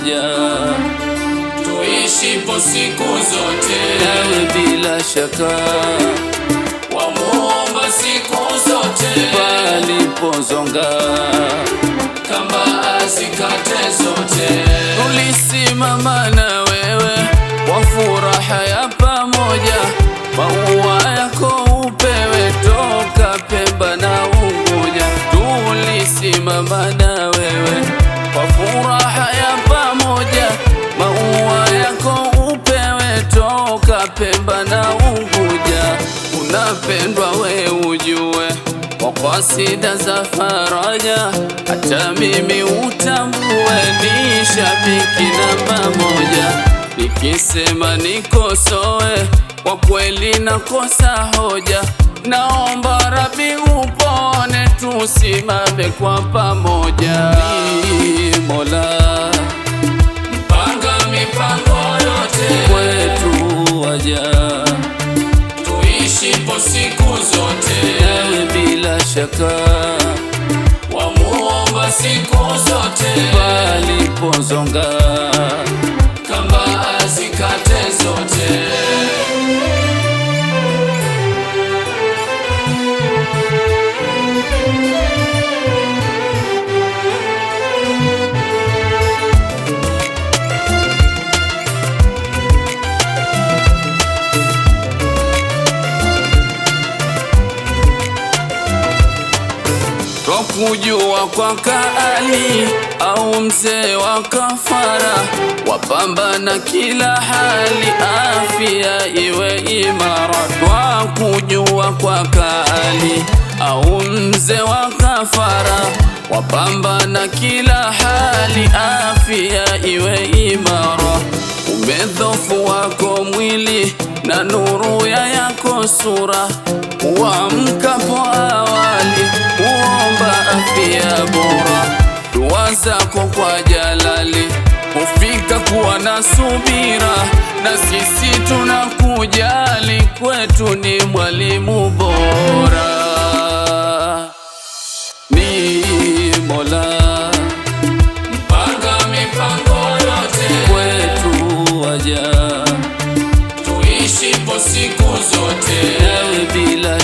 haja, tuishipo siku zote nawe bila shaka wamuomba siku zote, palipozonga kamba azikate zote, tulisimama na wewe kwa furaha ya pamoja, maua yako upewe toka Pemba na Unguja, tulisimama Pemba na Unguja, unapendwa we ujue, kwa kasida za faraja, hata mimi utambue, ni shabiki namba moja. Nikisema nikosoe, kwa kweli nakosa hoja, naomba Rabi upone, tusimame kwa pamoja Mola shaka, wamuomba siku zote, palipozonga kamba azikata kujua kwa kali au mzee wa kafara, wapambana kila hali, afya iwe imara. Twa kujua kwa kali au mzee wa kafara, wapambana kila hali, afya iwe imara. Umedhofu wako mwili na nuru ya wao sura waamkapo awali uomba afya bora, dua zako kwa Jalali hufika kuwa na subira, na sisi tunakujali, kwetu ni mwalimu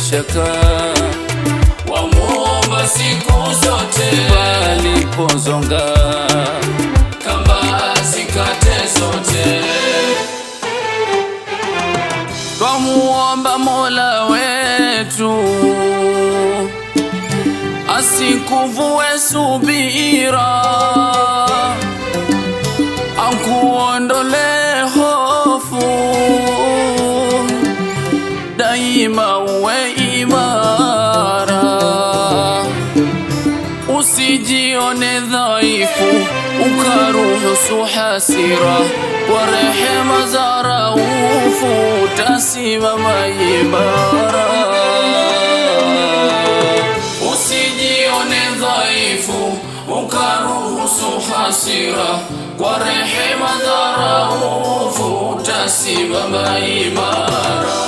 shaka, wamuomba siku zote, palipozonga kamba zikate zote, twamuomba Mola wetu asikuvue subira, akuondole hofu daima udhaifu ukaruhusu hasira, kwa rehema za Raufu utasimama imara. Usijione dhaifu ukaruhusu hasira, kwa rehema za Raufu utasimama imara.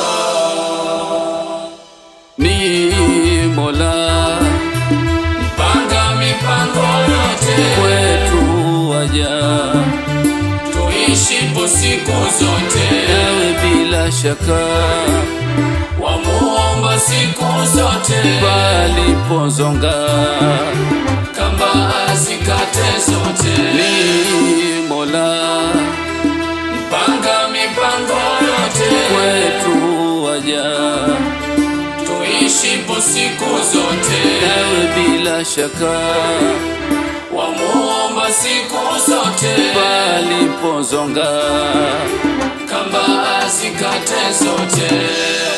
siku zote, nawe bila shaka wamuomba siku zote, palipozonga kamba azikate zote, ni Mola mpanga mipango yote, kwetu waja tuishi po siku zote, nawe bila shaka wamuomba siku zote zonga kamba azikate zote.